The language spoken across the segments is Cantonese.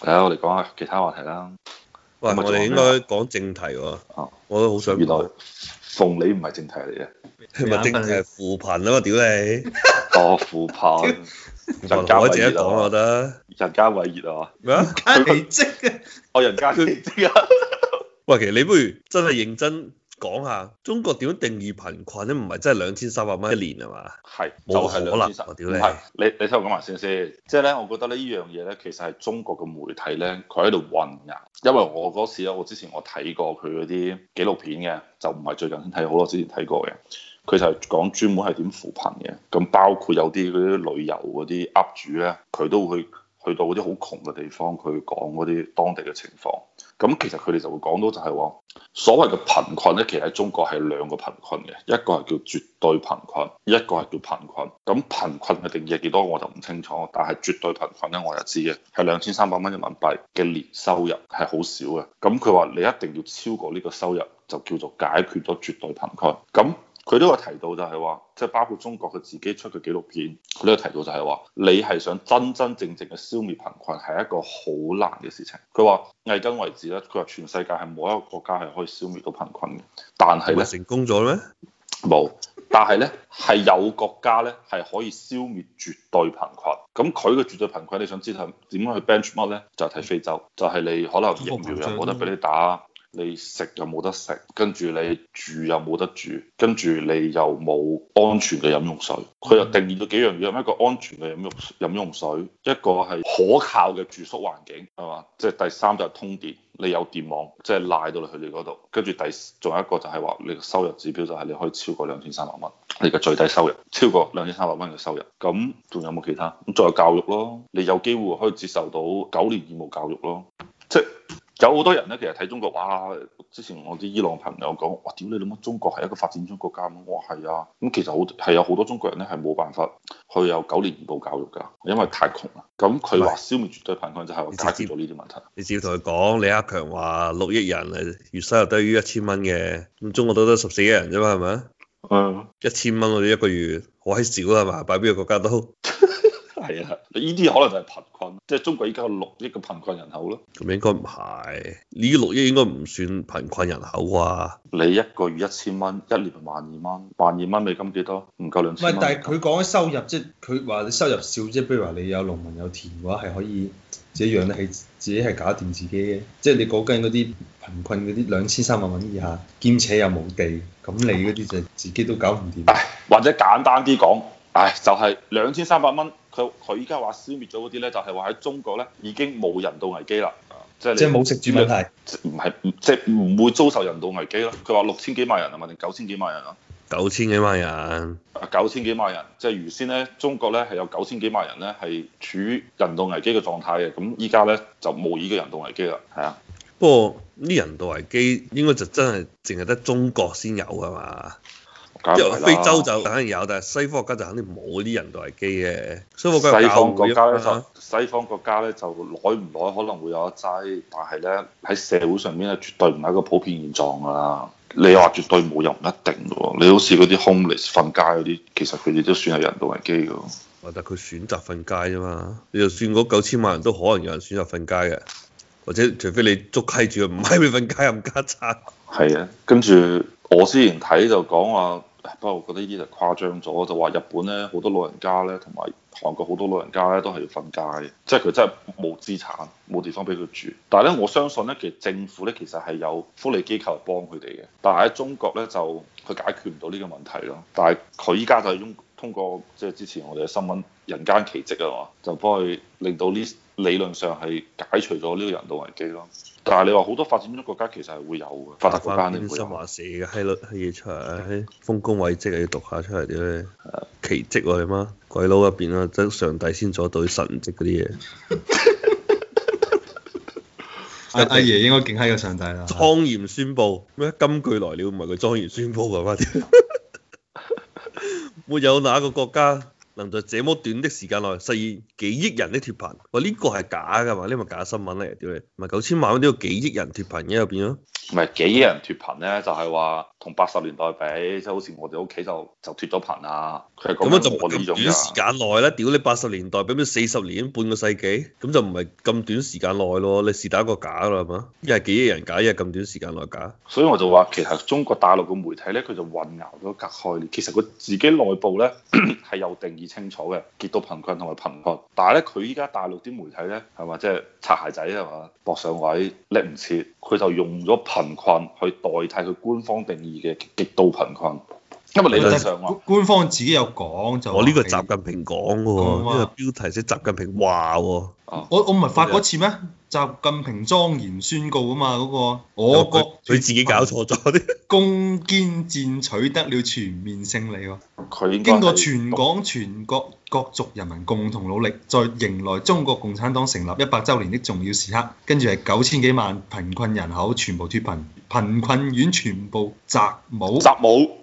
係啊，我哋講下其他話題啦。喂，我哋應該講正題喎。我都好想。原來鳳你唔係正題嚟嘅，係咪正題係扶貧啊？嘛，屌你，多、 哦、扶貧。人 家偉又喎得，人家偉業啊嘛。咩啊？家奇蹟啊！我人間奇蹟啊！喂，其實你不如真係認真。講下中國點樣定義貧困咧？唔係真係兩千三百蚊一年係嘛？係冇是可能喎！屌你，你，你你聽我講埋先先。即係咧，我覺得呢呢樣嘢咧，其實係中國嘅媒體咧，佢喺度混㗎。因為我嗰時咧，我之前我睇過佢嗰啲紀錄片嘅，就唔係最近先睇好耐，之前睇過嘅。佢就係講專門係點扶貧嘅，咁包括有啲啲旅遊嗰啲 up 主咧，佢都會。去到嗰啲好窮嘅地方，佢講嗰啲當地嘅情況，咁其實佢哋就會講到就係話，所謂嘅貧困咧，其實喺中國係兩個貧困嘅，一個係叫絕對貧困，一個係叫貧困。咁貧困嘅定義幾多我就唔清楚，但係絕對貧困咧，我就知嘅係兩千三百蚊人民幣嘅年收入係好少嘅。咁佢話你一定要超過呢個收入，就叫做解決咗絕對貧困。咁佢都有提到就係話，即係包括中國佢自己出嘅紀錄片，佢都有提到就係話，你係想真真正正嘅消滅貧困係一個好難嘅事情。佢話，迄今為止咧，佢話全世界係冇一個國家係可以消滅到貧困嘅。但係咧，成功咗咩？冇，但係咧係有國家咧係可以消滅絕對貧困。咁佢嘅絕對貧困，你想知道點樣去 benchmark 咧？就係睇非洲，就係你可能疫苗又冇得俾你打。你食又冇得食，跟住你住又冇得住，跟住你又冇安全嘅飲用水。佢又定義咗幾樣嘢，一個安全嘅飲用飲用水，一個係可靠嘅住宿環境，係嘛？即係第三就係通電，你有電網，即係賴到你去你嗰度。跟住第仲有一個就係話，你嘅收入指標就係你可以超過兩千三百蚊，你嘅最低收入超過兩千三百蚊嘅收入。咁仲有冇其他？咁再教育咯，你有機會可以接受到九年義務教育咯。有好多人咧，其實睇中國，哇！之前我啲伊朗朋友講，哇！屌你諗中國係一個發展中國家，我係啊。咁其實好係有好多中國人咧，係冇辦法去有九年義務教育噶，因為太窮啦。咁佢話消滅絕對貧困就係我解決咗呢啲問題。你只要同佢講，李克強話六億人嚟，月薪又低於一千蚊嘅，咁中國都得十四億人啫嘛，係咪？嗯。一千蚊我哋一個月，好閪少啊嘛，擺邊個國家都。 係啊，呢啲可能就係貧困，即係中國依家六億嘅貧困人口咯。咁應該唔係，呢六億應該唔算貧困人口啊。你一個月一千蚊，一年萬二蚊，萬二蚊美金幾多？唔夠兩千。唔係，但係佢講嘅收入即係佢話你收入少，即係譬如話你有農民有田嘅話，係可以自己養得起，自己係搞掂自己嘅。即係你講緊嗰啲貧困嗰啲兩千三百蚊以下，兼且又冇地，咁你嗰啲就自己都搞唔掂。或者簡單啲講。唉、哎，就係兩千三百蚊，佢佢依家話消滅咗嗰啲咧，就係話喺中國咧已經冇人道危機啦，就是、即係即係冇直接問題，唔係即係唔會遭受人道危機咯。佢話六千幾萬人啊，定九千幾萬人啊？九千幾萬人，九千幾萬人，即係原先咧，中國咧係有九千幾萬人咧係處於人道危機嘅狀態嘅，咁依家咧就冇呢個人道危機啦，係啊。不過呢人道危機應該就真係淨係得中國先有㗎嘛。非洲就肯定有，但係西方國家就肯定冇啲人道危機嘅。西方國家咧西方國家咧，啊、就耐唔耐可能會有一齣，但係咧喺社會上面咧絕對唔係一個普遍現狀㗎啦。你話絕對冇又唔一定嘅喎。你好似嗰啲 homeless 瞓街嗰啲，其實佢哋都算係人道危機嘅喎。啊！但佢選擇瞓街啫嘛，你就算嗰九千萬人都可能有人選擇瞓街嘅，或者除非你捉閪住唔閪俾瞓街又唔得嘅。係啊，跟住我之前睇就講話。不過我覺得呢啲就誇張咗，就話日本咧好多老人家咧，同埋韓國好多老人家咧都係要瞓街，即係佢真係冇資產，冇地方俾佢住。但係咧，我相信咧，其實政府咧其實係有福利機構幫佢哋嘅。但係喺中國咧就佢解決唔到呢個問題咯。但係佢依家就已經通過即係、就是、之前我哋嘅新聞《人間奇蹟》啊嘛，就幫佢令到呢。理論上係解除咗呢個人道危機咯，但係你話好多發展中國家其實係會有嘅，發達國家點會有？信話事嘅，希律係要搶豐功偉績，係要讀下出嚟啲咩？奇蹟你媽鬼佬入邊啊，得上帝先做到神蹟嗰啲嘢。阿 阿、啊啊、爺應該敬喺個上帝啦。莊嚴宣布咩？金句來了，唔係佢莊嚴宣布㗎嘛？點？沒 有哪個國家。能在這麼短的時間內實現幾億人的脫貧，喂，呢個係假㗎嘛？呢咪假新聞嚟，屌你！唔係九千萬都要幾億人脫貧嘅入邊囉，唔係幾億人脫貧咧，就係話。同八十年代比，即係好似我哋屋企就就脫咗貧啊，咁樣就唔短時間內咧，屌你八十年代比咩四十年半個世紀，咁就唔係咁短時間內咯，你是打個假㗎啦係嘛？一係幾億人假，一係咁短時間內假，所以我就話其實中國大陸嘅媒體咧，佢就混淆咗隔開，其實佢自己內部咧係 有定義清楚嘅，極度貧困同埋貧困，但係咧佢依家大陸啲媒體咧係嘛，即係擦鞋仔係嘛，搏上位叻唔切。佢就用咗貧困去代替佢官方定義嘅極度貧困。因為理論上話，官方自己有講就我呢個習近平講嘅喎，因為標題寫習近平話喎。我我唔係發嗰次咩？習近平莊嚴宣告啊嘛，嗰個我國佢自己搞錯咗啲。攻堅戰取得了全面勝利喎。佢經過全港全國各族人民共同努力，在迎來中國共產黨成立一百週年的重要時刻，跟住係九千幾萬貧困人口全部脫貧，貧困縣全部摘帽。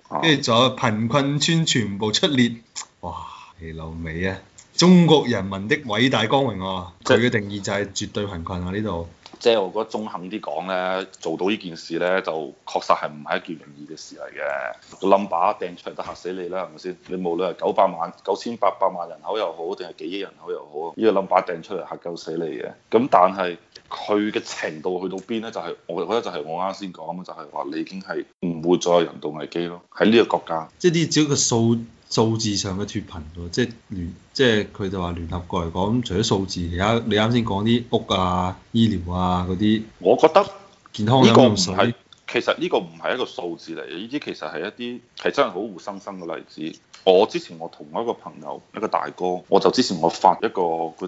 跟住仲有貧困村全部出列，哇！你老味啊！中國人民的偉大光榮啊，佢嘅定義就係絕對貧困啊！呢度。即係我覺得中肯啲講咧，做到呢件事咧，就確實係唔係一件容易嘅事嚟嘅。個 number 掟出嚟都嚇死你啦，係咪先？你無論係九百萬、九千八百萬人口又好，定係幾億人口又好，呢個 number 掟出嚟嚇夠死你嘅。咁但係佢嘅程度去到邊咧？就係我覺得就係我啱先講，就係話你已經係唔會再有人道危機咯，喺呢個國家。即係只要個數。數字上嘅脫貧喎，即聯即佢就話、是、聯合國嚟講，咁除咗數字，其他你啱先講啲屋啊、醫療啊嗰啲，我覺得健康呢個唔係，其實呢個唔係一個數字嚟嘅，呢啲其實係一啲係真係好活生生嘅例子。我之前我同一個朋友，一個大哥，我就之前我發一個嗰啲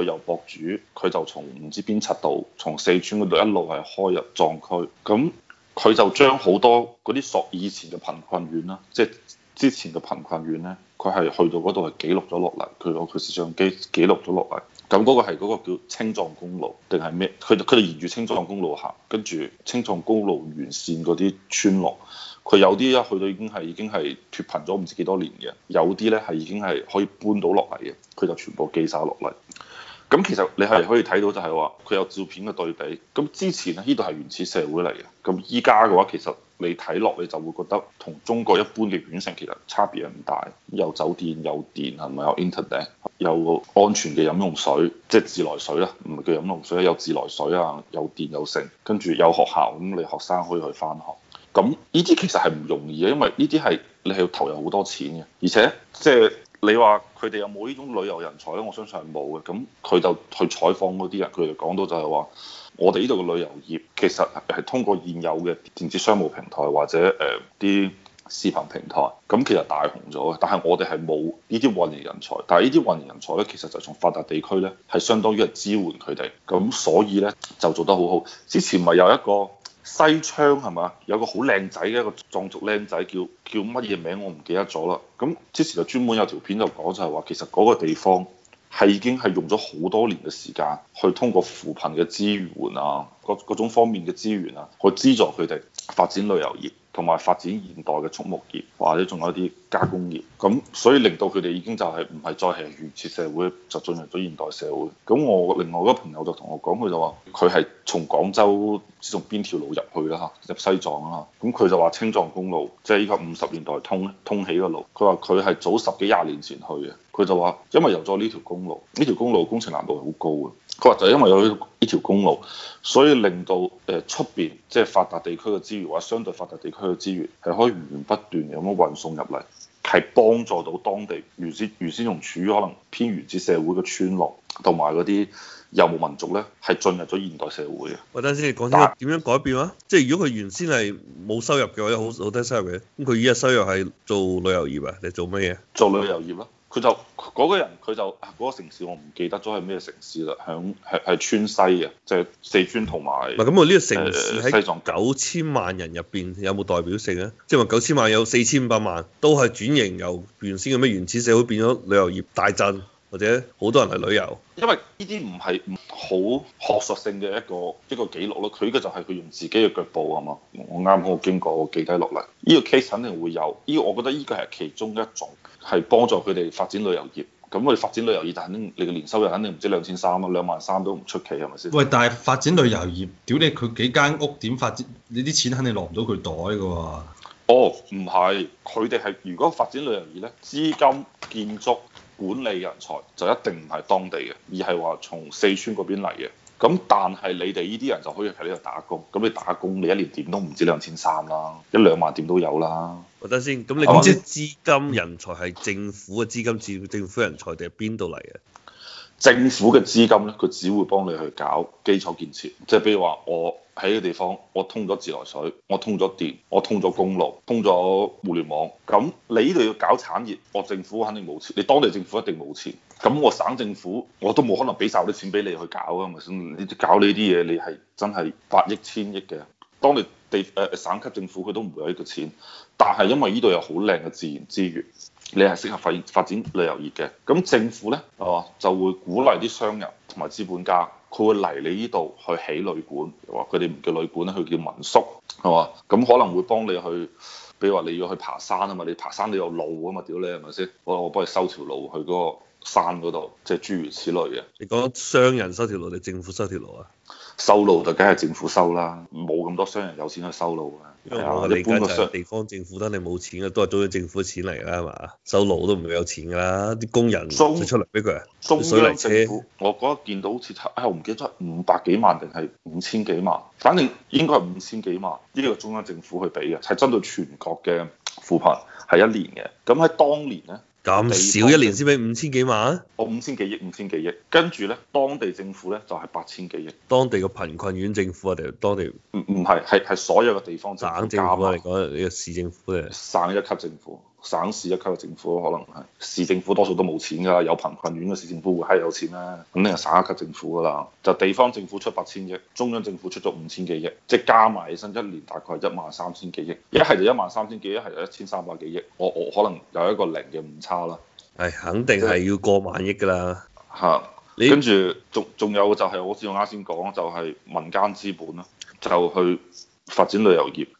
旅遊博主，佢就從唔知邊七度，從四川嗰度一路係開入藏區，咁佢就將好多嗰啲屬以前嘅貧困縣啦，即、就是。之前嘅貧困縣咧，佢係去到嗰度係記錄咗落嚟，佢攞佢攝像機記錄咗落嚟。咁嗰個係嗰個叫青藏公路定係咩？佢佢哋沿住青藏公路行，跟住青藏公路沿線嗰啲村落，佢有啲一去到已經係已經係脫貧咗唔知幾多年嘅，有啲咧係已經係可以搬到落嚟嘅，佢就全部記晒落嚟。咁其實你係可以睇到就係話，佢有照片嘅對比。咁之前呢，呢度係原始社會嚟嘅。咁依家嘅話，其實。你睇落你就會覺得同中國一般嘅縣城其實差別係唔大，有酒店、有電，係咪有 internet，有安全嘅飲用水，即係、就是、自來水啦，唔係叫飲用水啊，有自來水啊，有電有剩，跟住有學校，咁你學生可以去返學，咁呢啲其實係唔容易啊，因為呢啲係你係要投入好多錢嘅，而且即係。就是你話佢哋有冇呢種旅遊人才咧？我相信係冇嘅。咁佢就去採訪嗰啲人，佢哋講到就係話，我哋呢度嘅旅遊業其實係通過現有嘅電子商務平台或者誒啲視頻平台，咁其實大紅咗嘅。但係我哋係冇呢啲運營人才，但係呢啲運營人才咧，其實就從發達地區咧係相當於係支援佢哋，咁所以咧就做得好好。之前咪有一個。西昌係咪？有個好靚仔嘅一個藏族靚仔叫叫乜嘢名？我唔記得咗啦。咁之前就專門有條片就講就係話，其實嗰個地方係已經係用咗好多年嘅時間，去通過扶貧嘅資源啊，各各種方面嘅資源啊，去資助佢哋發展旅遊業。同埋發展現代嘅畜牧業，或者仲有啲加工業，咁所以令到佢哋已經就係唔係再係原始社會，就進入咗現代社會。咁我另外一個朋友就同我講，佢就話佢係從廣州，知從邊條路入去啦吓，入西藏啊嘛。咁佢就話青藏公路，即係依個五十年代通通起嘅路，佢話佢係早十幾廿年前去嘅。佢就話，因為有咗呢條公路，呢條公路工程難度係好高嘅。佢話就係因為有呢條公路，所以令到誒出邊即係發達地區嘅資源或者相對發達地區嘅資源係可以源源不斷咁樣運送入嚟，係幫助到當地原先原先從處於可能偏原始社會嘅村落同埋嗰啲遊牧民族咧，係進入咗現代社會嘅。我等先講下點樣改變啊！即係如果佢原先係冇收入嘅話好好低收入嘅，咁佢依家收入係做旅遊業啊？定做咩嘢？做旅遊業咯。佢就嗰、那個人，佢就嗰、那個城市我唔記得咗係咩城市啦，響係川西嘅，即、就、係、是、四川同埋。咪咁我呢個城市喺西藏九千萬人入面，有冇代表性呢？即係話九千萬有四千五百萬都係轉型由原先嘅咩原始社會變咗旅遊業大鎮。或者好多人嚟旅遊，因為呢啲唔係好學術性嘅一個一個記錄咯。佢嘅就係佢用自己嘅腳步，係嘛？我啱好經過，我記低落嚟。呢個 case 肯定會有，呢我覺得呢個係其中一種，係幫助佢哋發展旅遊業。咁佢發展旅遊業，但係你嘅年收入肯定唔止兩千三咯，兩萬三都唔出奇，係咪先？喂！但係發展旅遊業，屌你佢幾間屋點發展？你啲錢肯定落唔到佢袋嘅喎、啊。哦，唔係，佢哋係如果發展旅遊業咧，資金建築。管理人才就一定唔係當地嘅，而係話從四川嗰邊嚟嘅。咁但係你哋呢啲人就可以喺呢度打工。咁你打工你一年點都唔止兩千三啦，一兩萬點都有啦。我等先，咁你嗰啲資金人才係政府嘅資金、政府政府人才定係邊度嚟嘅？政府嘅資金咧，佢只會幫你去搞基礎建設，即係比如話，我喺個地方，我通咗自來水，我通咗電，我通咗公路，通咗互聯網，咁你呢度要搞產業，我政府肯定冇錢，你當地政府一定冇錢，咁我省政府我都冇可能俾曬啲錢俾你去搞啊，咪先，你搞呢啲嘢，你係真係百億千億嘅，當地地誒、呃、省級政府佢都唔會有呢個錢，但係因為呢度有好靚嘅自然資源。你係適合發發展旅遊業嘅，咁政府咧，係嘛，就會鼓勵啲商人同埋資本家，佢會嚟你呢度去起旅館，話佢哋唔叫旅館咧，佢叫民宿，係嘛？咁可能會幫你去，比如話你要去爬山啊嘛，你爬山你有路啊嘛，屌你係咪先？我我幫你修條路去嗰個。山嗰度，即係諸如此類嘅。你講商人修條路定政府修條路啊？修路就梗係政府修啦，冇咁多商人有錢去修路啊。我嘅理解就地方政府都係冇錢嘅，都係攞咗政府嘅錢嚟啦嘛。修路都唔會有錢㗎啦，啲工人中出嚟俾佢，啊中？水車中央政府。我覺得見到好似啊，我唔記得五百幾萬定係五千幾萬，反正應該係五千幾萬呢個中央政府去俾嘅，係針對全國嘅扶貧係一年嘅。咁喺當年咧。咁少地方一年先俾五千幾萬？我五千幾億，五千幾億，跟住咧，當地政府咧就係、係、八千幾億當，當地嘅貧困縣政府啊，定當地唔唔係，係係所有嘅地方省政府啊。嚟講，呢個市政府咧，省一級政府，省市一級嘅政府，可能係市政府多數都冇錢噶啦，有貧困縣嘅市政府會係有錢啦，肯定係省一級政府噶啦。就地方政府出八千億，中央政府出咗五千幾億，即係加埋起身一年大概一萬三千幾億，一係就一萬三千幾億，一係就一千三百幾億。我我可能有一個零嘅誤差啦。係、哎，肯定係要過萬億噶啦。嚇是，你跟住仲仲有就係、是、我先我啱先講，就係、是、民間資本咯，就去發展旅遊業。